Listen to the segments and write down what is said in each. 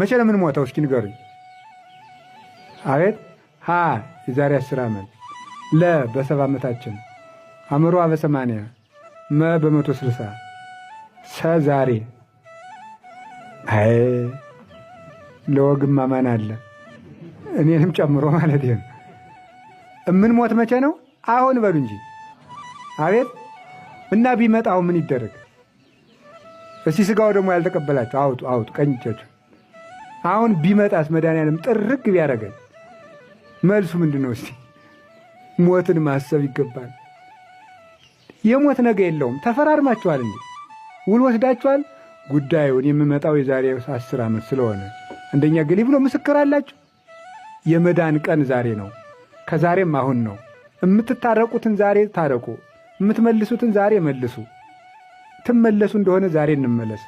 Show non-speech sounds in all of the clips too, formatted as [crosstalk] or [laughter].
መቼ ነው የምንሞተው? እስኪ ንገሩኝ። አቤት። ሀ የዛሬ አስር ዓመት፣ ለ በሰባ ዓመታችን፣ አእምሮ በሰማንያ መ በመቶ ስልሳ ሰ ዛሬ። አይ ለወግም አማን አለ እኔንም ጨምሮ ማለት ነው። እምንሞት መቼ ነው? አሁን በሉ እንጂ አቤት። እና ቢመጣው ምን ይደረግ? እስቲ ስጋው ደግሞ ያልተቀበላቸው አውጡ፣ አውጡ ቀኝ እጃችሁ አሁን ቢመጣስ መድኃኒዓለም ጥርግ ቢያደርገን መልሱ ምንድን ነው? እስቲ ሞትን ማሰብ ይገባል። የሞት ነገ የለውም። ተፈራርማችኋል እንዴ? ውል ወስዳችኋል? ጉዳዩን የምመጣው የዛሬ አስር ዓመት ስለሆነ አንደኛ ገሌ ብሎ ምስክር አላችሁ። የመዳን ቀን ዛሬ ነው፣ ከዛሬም አሁን ነው። የምትታረቁትን ዛሬ ታረቁ፣ የምትመልሱትን ዛሬ መልሱ። ትመለሱ እንደሆነ ዛሬ እንመለስ።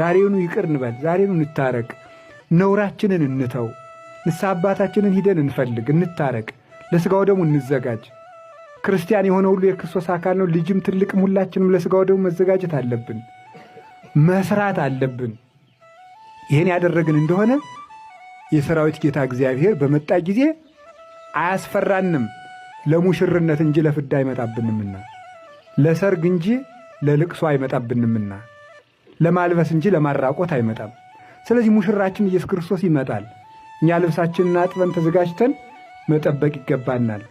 ዛሬውኑ ይቅር እንበል። ዛሬውኑ እንታረቅ። ነውራችንን እንተው፣ ንስሐ አባታችንን ሂደን እንፈልግ፣ እንታረቅ፣ ለሥጋው ደሙ እንዘጋጅ። ክርስቲያን የሆነ ሁሉ የክርስቶስ አካል ነው። ልጅም ትልቅም ሁላችንም ለሥጋው ደሙ መዘጋጀት አለብን፣ መስራት አለብን። ይህን ያደረግን እንደሆነ የሰራዊት ጌታ እግዚአብሔር በመጣ ጊዜ አያስፈራንም፣ ለሙሽርነት እንጂ ለፍዳ አይመጣብንምና፣ ለሰርግ እንጂ ለልቅሶ አይመጣብንምና፣ ለማልበስ እንጂ ለማራቆት አይመጣም። ስለዚህ ሙሽራችን ኢየሱስ ክርስቶስ ይመጣል። እኛ ልብሳችንን አጥበን ተዘጋጅተን መጠበቅ ይገባናል።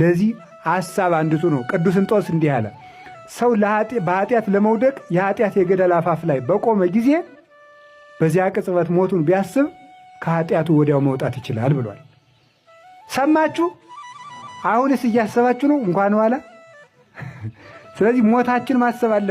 ለዚህ ሐሳብ አንድቱ ነው። ቅዱስ እንጦስ እንዲህ አለ፣ ሰው በኃጢአት ለመውደቅ የኃጢአት የገደል አፋፍ ላይ በቆመ ጊዜ በዚያ ቅጽበት ሞቱን ቢያስብ ከኃጢአቱ ወዲያው መውጣት ይችላል ብሏል። ሰማችሁ? አሁንስ እያሰባችሁ ነው? እንኳን ኋላ [laughs] ስለዚህ ሞታችን ማሰብ አለ